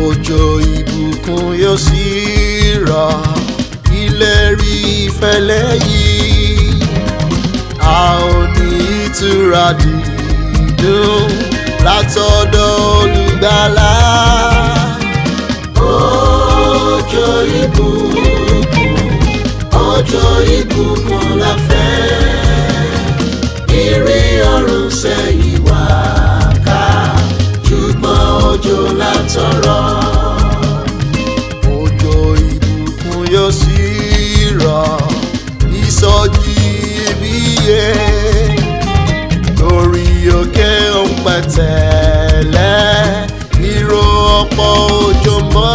Ojo ìbùkún yóò sì rọ̀ ilẹ̀ rí ìfẹ́lẹ́ yìí a ò ní ìtura dì àtọ̀dọ̀ olùgbàlà. ọjọ́ ìbùkún ọjọ́ ìbùkún la fẹ́ ire ọ̀run sẹ́yìn wá ká ṣùgbọ́n òjò la tọrọ. ìbùkún yóò sì rọ̀ ìsọjí ìbíye. pẹ̀tẹ́lẹ̀ ìró ọ̀pọ̀ òjò ń bọ̀.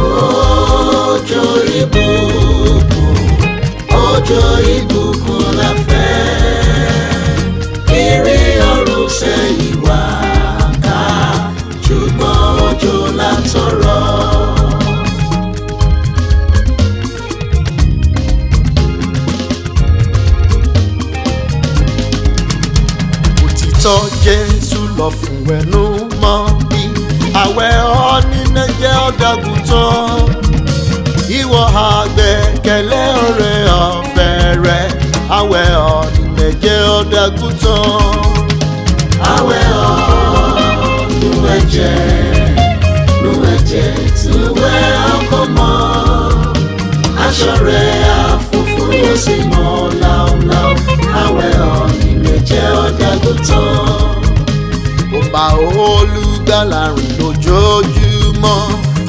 òjò ìbùkún òjò ìbùkún. lọ fún ẹ ló mọ bí àwẹ̀ ọ́ nínú jẹ́ ọ̀dàgùn tán ìwọ àgbẹ̀kẹ̀lẹ̀ ọ̀rẹ́ ọ̀fẹ́ rẹ àwẹ̀ ọ́ nínú jẹ́ ọ̀dàgùn tán. àwẹ̀ ọ́ nínú ẹ̀jẹ̀ nínú ẹ̀jẹ̀ tí wẹ́ ọkọ mọ́ aṣọ rẹ̀ àfúfú yóò sì mọ́ láúláú àwẹ̀ ọ́ nínú ẹ̀jẹ̀ ọ̀dàgùn tán olùgbàlà rìn lójoojúmọ́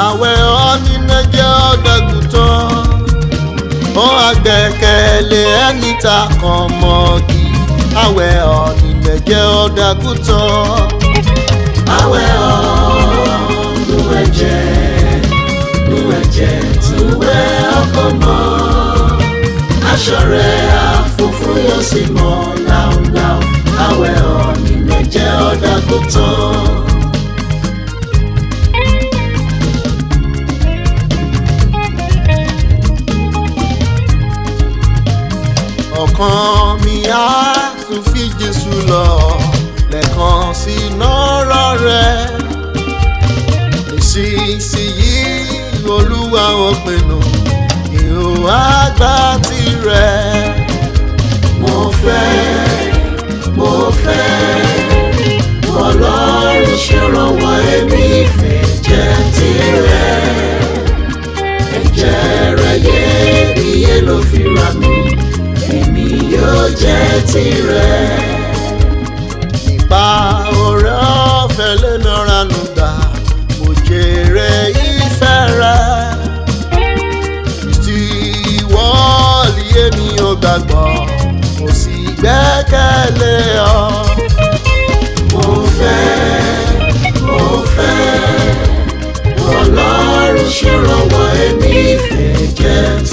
àwẹ̀ ọ́nínẹ́jẹ́ ọ̀dọ́gùtàn ó àgbẹ̀kẹ̀lé ẹni ta kan mọ́gi àwẹ̀ ọ̀nínẹ́jẹ́ ọ̀dọ́gùtàn àwẹ̀ ọ̀nùwẹ̀jẹ̀ lùwẹ̀jẹ̀ tùwẹ̀ ọkọ̀ mọ́ aṣọ rẹ̀ àfúfú yóò sì mọ́ láúláú àwẹ̀ ọ̀nínẹ́jẹ́ ọ̀dọ́gùtàn doctor. ọkàn mi á tún fi Jésù lọ lẹ́ẹ̀kan sí nọ́rọ̀ rẹ̀ nísinsìnyí olúwa ò pinnu ìhò àgbà tirẹ̀. mo fẹ́. lọ́wọ́ èmi ìfẹ́ jẹ́ tirẹ̀ ẹ̀jẹ̀ rẹ̀ yẹ iye ló fi ra mi èmi yóò jẹ́ tirẹ̀. ìpa ọ̀rẹ́ ọ̀fẹ́ lẹ́nu ranú gbà mo jèrè ìfẹ́ rẹ̀ tí wọ́ọ̀lì èmi ò gbàgbọ́ mo sì gbẹ́kẹ̀lé ọ.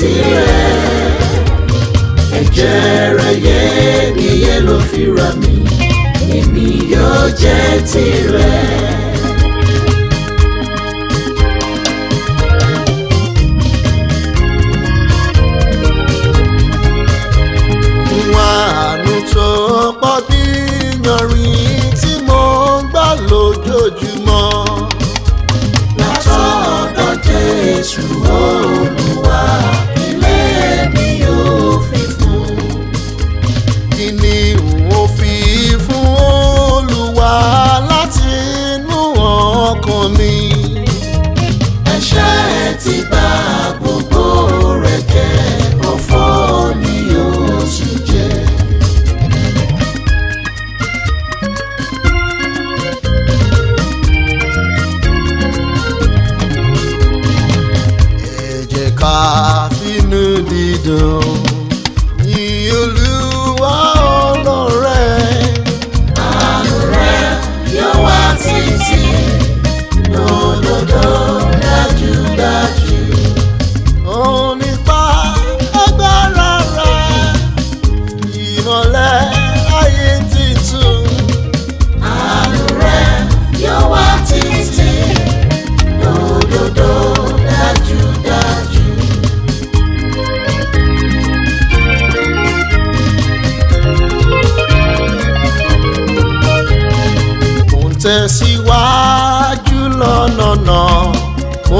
tirẹ̀ ẹ̀jẹ̀ rẹ̀ yẹ nìyẹn ló fi rà mí èmi yóò jẹ́ tirẹ̀.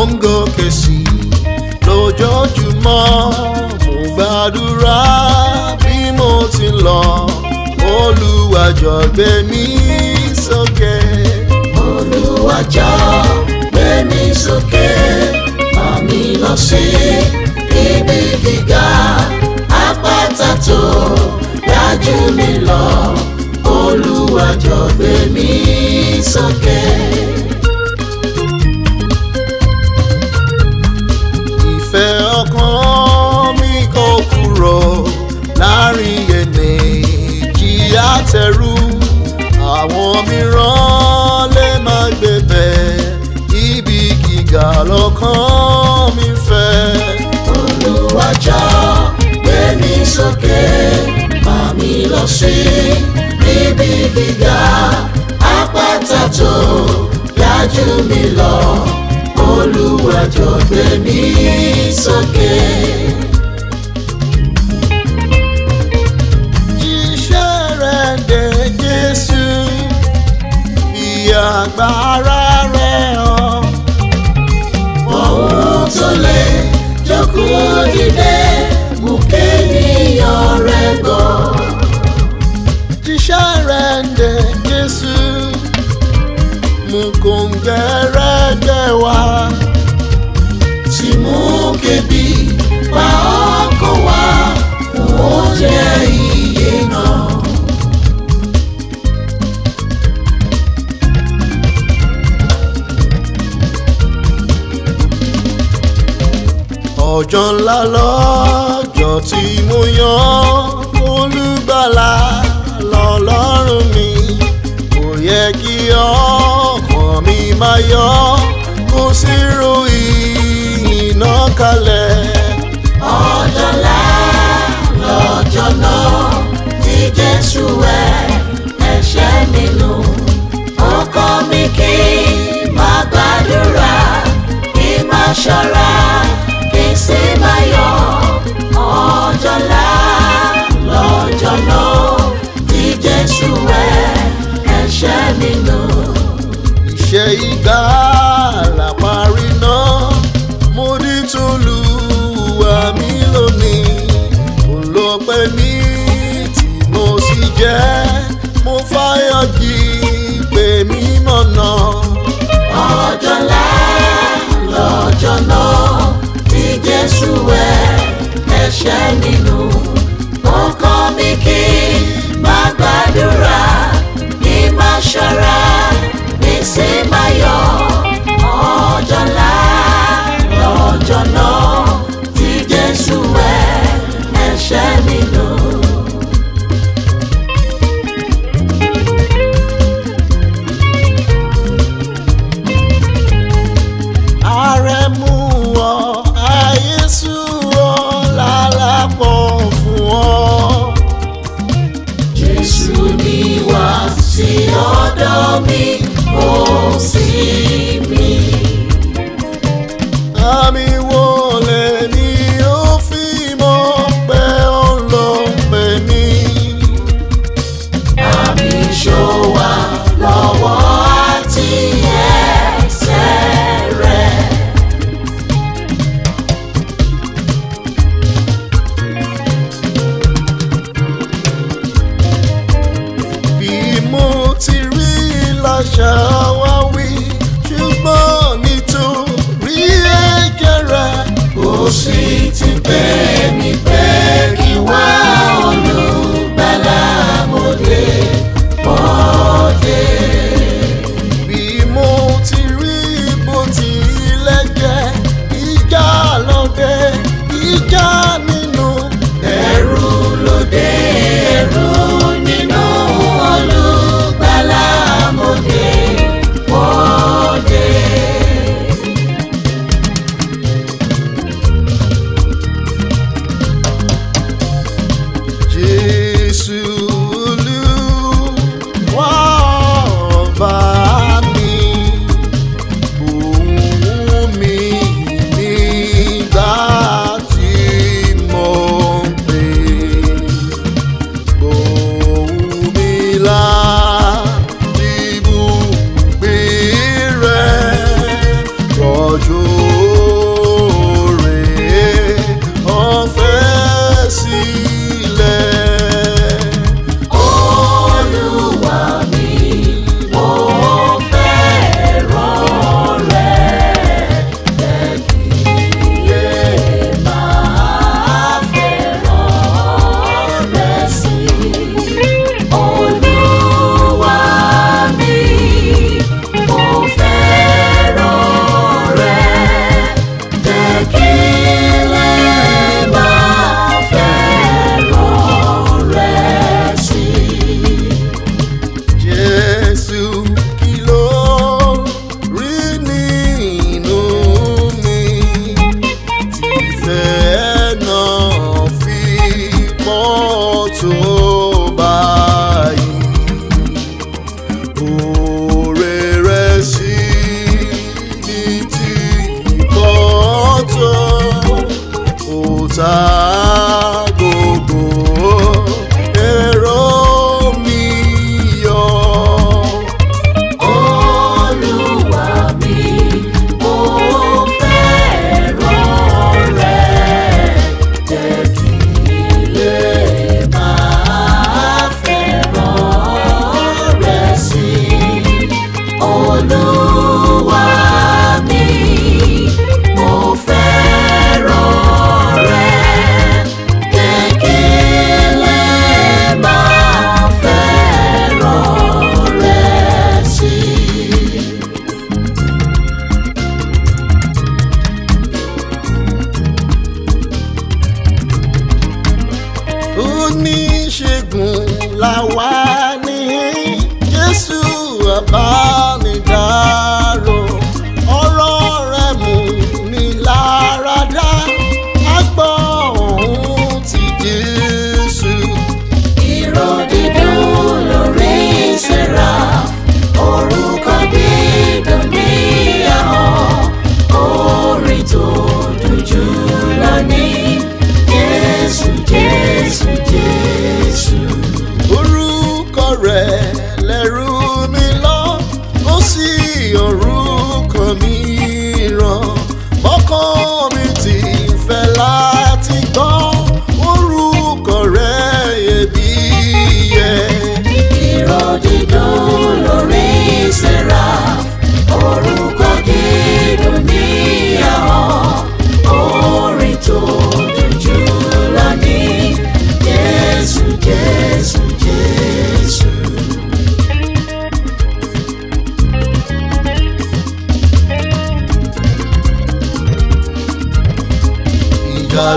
mo ń gòkè sí lójoojúmọ́ mo gbàdúrà bí mo ti lọ Olúwa jọ̀ọ́ gbé mi sókè. Olúwa jọ̀ọ́ gbé mi sókè fà mí lọ sí ibi gíga àpáta tó ga jù lọ Olúwa gbé mi sókè. tẹrú àwọn mìíràn lè má gbébẹ̀ ibi gíga lọ́kàn mi fẹ́. olùwàjà gbé mi sókè fà mí lọ sí ibi gíga àpáta tó ga jù mí lọ olùwàjọ gbé mi sókè. agbára rẹ̀ o. ohun tó lè jókòó dìbò. ọjọ́ ńlá lọ́jọ́ tí mo yàn olùgbàlà lọ́lọ́run mi kò yẹ kí ọkàn mi máa yọ kó sì ro ìyìnà kalẹ̀. ọjọ́ ńlá lọ́jọ́ náà tí Jésù wẹ ẹ̀ṣẹ̀ mi nù ó mi kí n máa gbàdúrà kí n máa ṣọ́ra àṣemáyọ ọjọ́lá lọ́jọ́lọ́ ní jésù ẹ̀ ẹ̀ṣẹ̀ mi lò. ìṣe ìgbà àràparí náà mo ní tún lù. ṣẹ́ nínú ó kọ́ mi kí má gbàdúrà kí má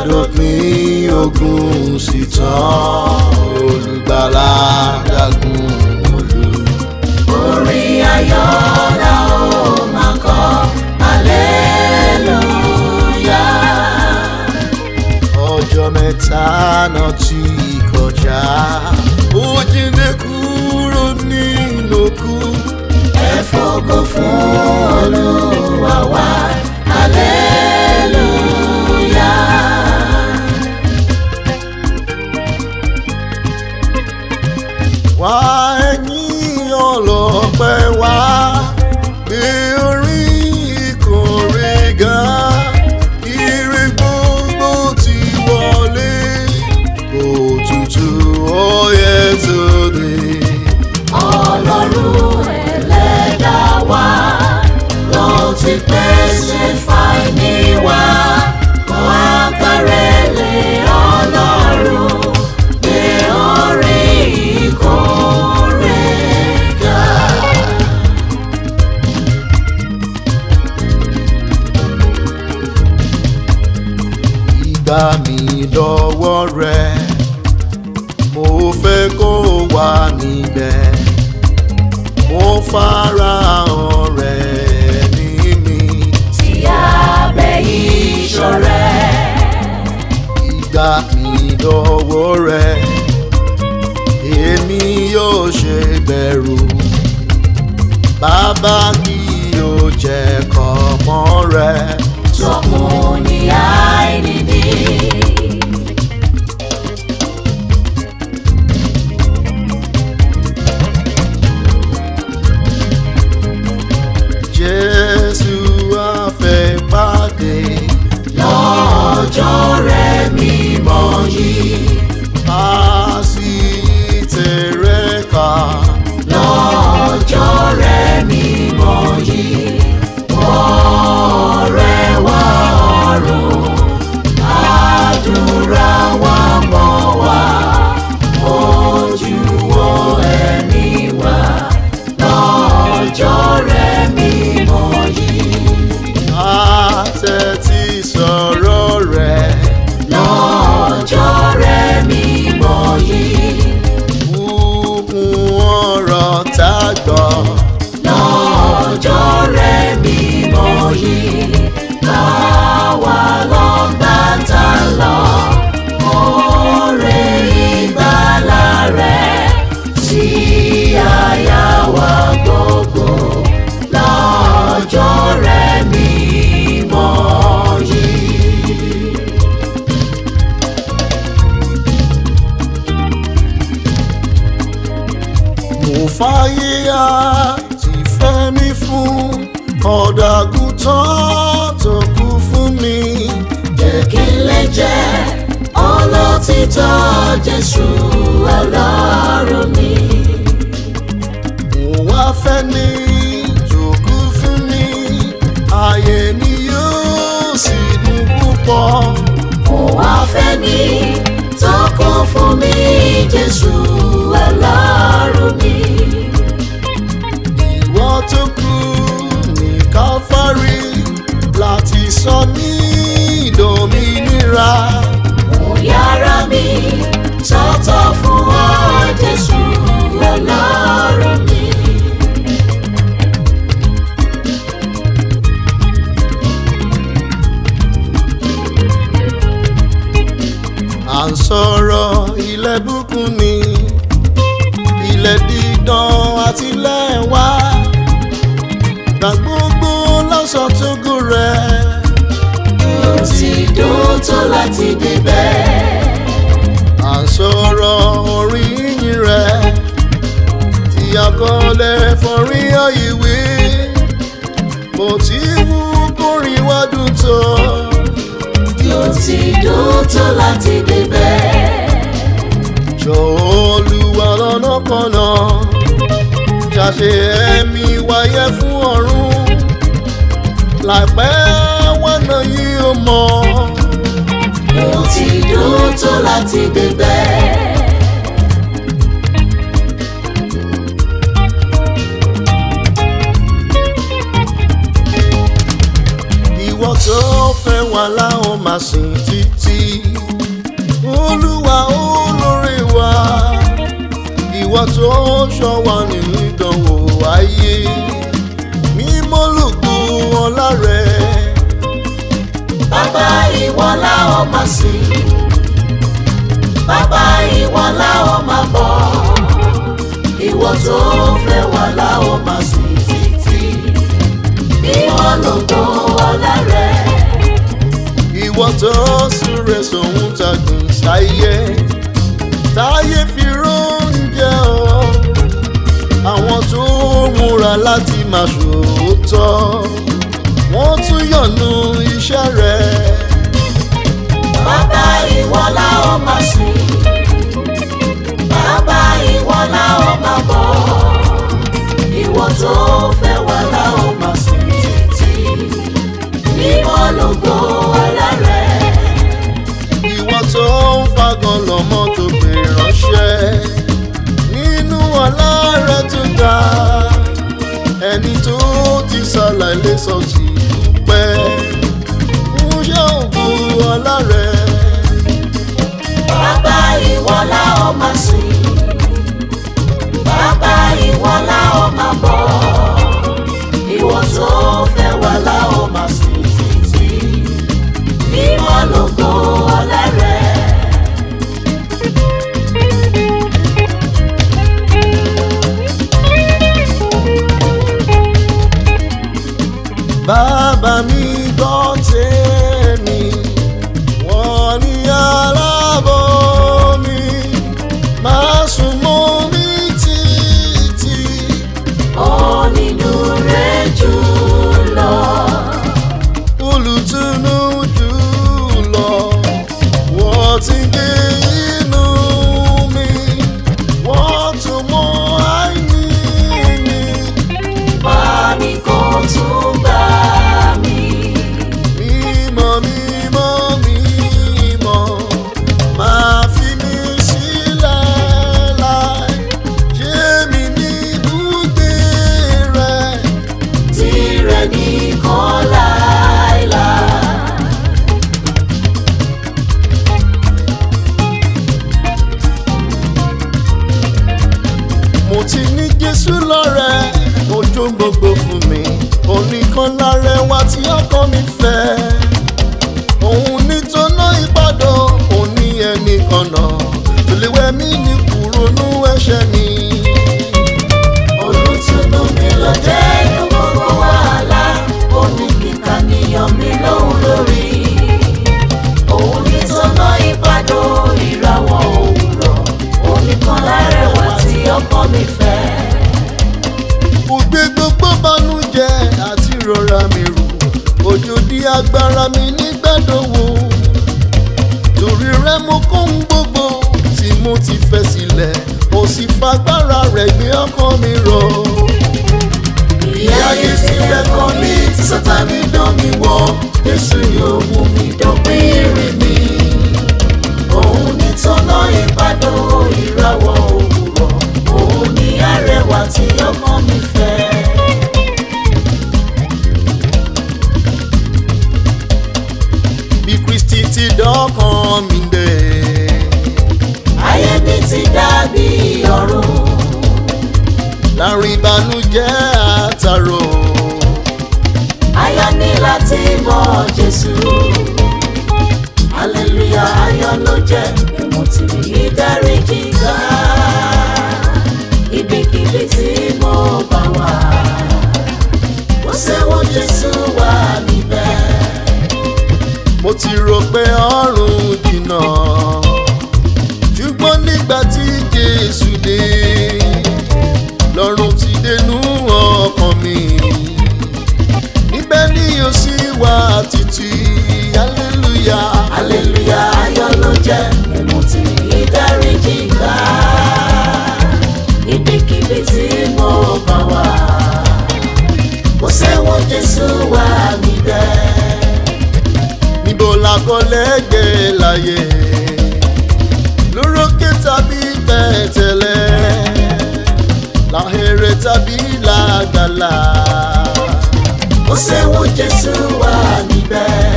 dópin ogun sì tán olùgbàlà dágun olú. orin ayọ̀ la ó máa kọ aleluya. ọjọ́ mẹ́ta náà ti kọjá ó kúrò nínú òkú. ẹ fògo fún olúwa wa. Right. jésù ọlọ́run mi. mo wá fẹ́ ní jòkó fún mi ààyè mi yóò sì dùn púpọ̀. mo wá fẹ́ ní tókò fún mi jésù ọlọ́run mi. ìwọ tó kú ní káfárí láti sọ mí ìdòmìnira. mo yára mi sọ́tọ̀ fún ọ Jésù lọ́lọ́run mi. à ń sọ̀rọ̀ ilẹ̀ búkún ni ilẹ̀ dídán àti ilẹ̀ wá gbà gbogbo lọ́sọ̀ tó gùn rẹ̀. ó ti dùn tó láti débẹ̀ sọ̀rọ̀ oríyìn rẹ̀ tí àkọọ́lẹ̀ fọ̀rí àyíwí mo ti wú kórìíwájú tó. yóò ti dùn tó láti débẹ̀. jọ Olúwa lọ́nà kan náà ṣàṣe ẹ̀mí wáyé fún ọ̀run láìpẹ́ tó láti débẹ̀. ìwọ tó fẹ́ wà láwọn máa sìn títí olúwa olórí wa ìwọ tó ṣọ́ wa nínú ìdánwò ayé mímọ́ lògùn ọlá rẹ̀. bàbá ìwọ la máa sìn. tó fẹ́ wà láwọ̀ máa sùn títí bí wọ́n lò tó ọlá rẹ̀. ìwọ tó súre sòun tagùn sáyé táyé fi róúnjẹ ọ àwọn tó múra láti máa ṣòótọ́ wọ́n tún yọ̀nù iṣẹ́ rẹ̀. bàbá ìwọ la ó máa sùn. àwọn tó fẹ́ wá láwọn máa sùn títí níbo lógo alára ẹ̀. ìwọ tó ń fagàn lọ́mọ tó gbé ránṣẹ́ nínú alára tó ga ẹni tó. mi dẹ̀. ayé mi ti dàbí ọ̀run. láàrin ìbànújẹ́ àtàrò. ayọ̀ ni láti mọ Jésù. hallelujah ayọ̀ ló jẹ́ mo ti rí ìdáríjì gbà. ibikíbi tí mo bá wà. ó ṣẹ́wọ́n Jésù wá mo ti rò pé ọ̀run jìnnà ṣùgbọ́n nígbà tí Jésù dé lọ́run ti dénú ọkàn mi níbẹ̀ ni yóò sì wà títí hallelujah hallelujah ayọ̀ ló jẹ́. láyé lórókè tàbí tẹ̀tẹ̀lẹ̀ láhèrè tàbí làgbàlá. ó ṣẹ́wó jésù wà níbẹ̀.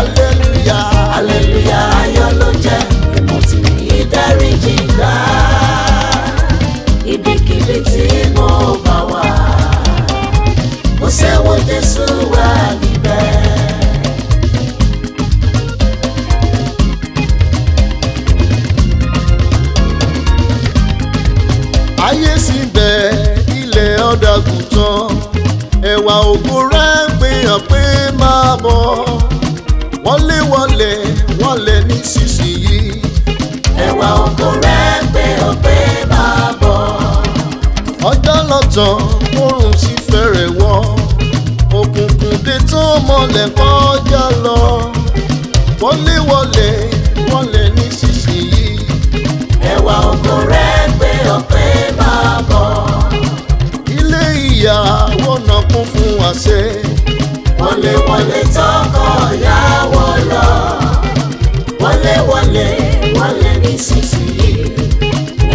aleluya aleluya ayọ̀ ló jẹ́ mo ti ní ìdáríjì gbà ibikíbi tí mo bá wà. ó ṣẹ́wó jésù wà níbẹ̀. ìwà ògùn rẹ̀ ń gbìyàn pé máa bọ̀ wọlé wọlé wọlé nísinsìnyí. ẹwà ògùn rẹ̀ ń gbìyàn pé máa bọ̀. ọjọ́ lọ́tàn oòrùn sì fẹ́rẹ̀ wọ̀ òkùnkùn dé tó mọ́lẹ̀ kọjá lọ wọlé wọlé wọlé nísinsìnyí. ẹwà ògùn rẹ̀ ń gbìyàn pé máa bọ̀. ilé ìyá mú fún wa ṣe. wọléwọlé tọkọ yàwó lọ wọléwọlé wọlé nísinsìnyí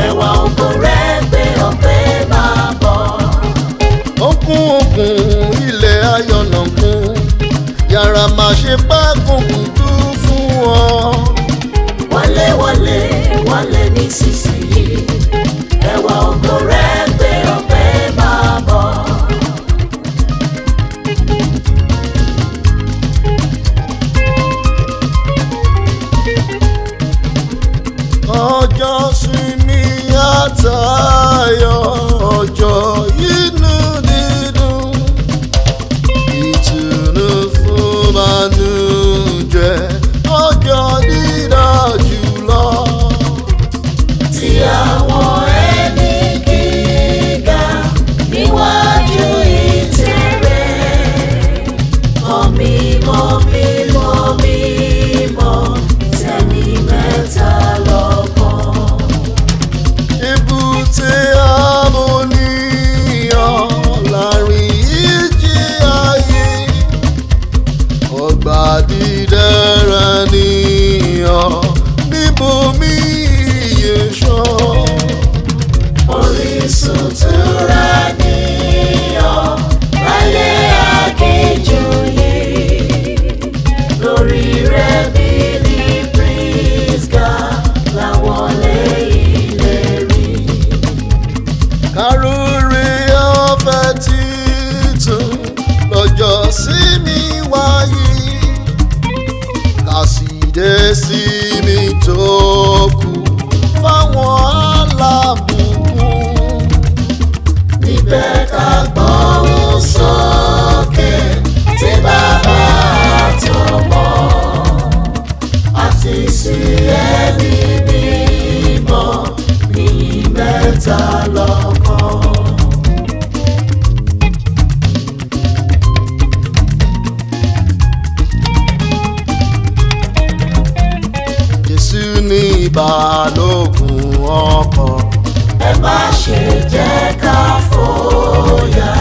ẹwà ògo rẹ gbé ọpẹ́ máa bọ̀. okun okun ilẹ̀ ayọ̀nàkun yàrá máa ṣe pákó kùtù fún ọ. wọléwọlé wọlé nísinsìnyí. Orísun tó. balógun ọkọ̀. ẹ má ṣe jẹ́ ká fòyà.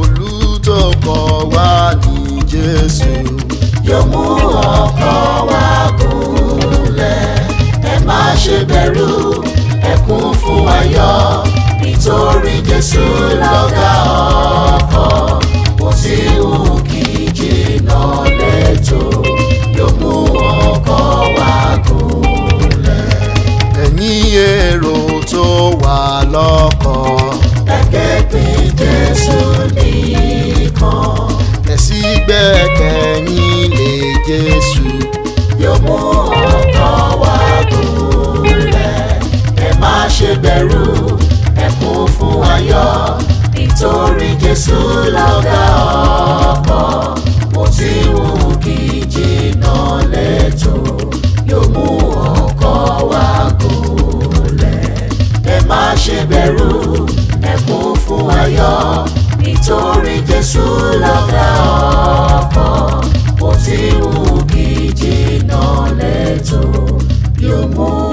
olùdókọ̀ wa ní Jésù. yóò mú ọkọ̀ wa gúnlẹ̀. ẹ má ṣe bẹ̀rù ẹ fún ayọ̀ nítorí Jésù lọ́gá ọkọ̀ kò sí wù. èrò tó wà lọ́kàn. ẹ ké pe Jésù nìkan. tẹ̀sí gbẹ́kẹ̀yìn lé Jésù. yóò mú ọkàn wa gúnlẹ̀ ẹ má ṣe bẹ̀rù ẹ kún fún ayọ̀ nítorí Jésù lọ́gà ọkọ̀ mo ti wù. yọ nítorí Jésù lọ́gá ọkọ̀ kò tí wù kí jìnnà lẹ́tọ̀ọ́ yóò mú.